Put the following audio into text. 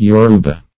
Yoruba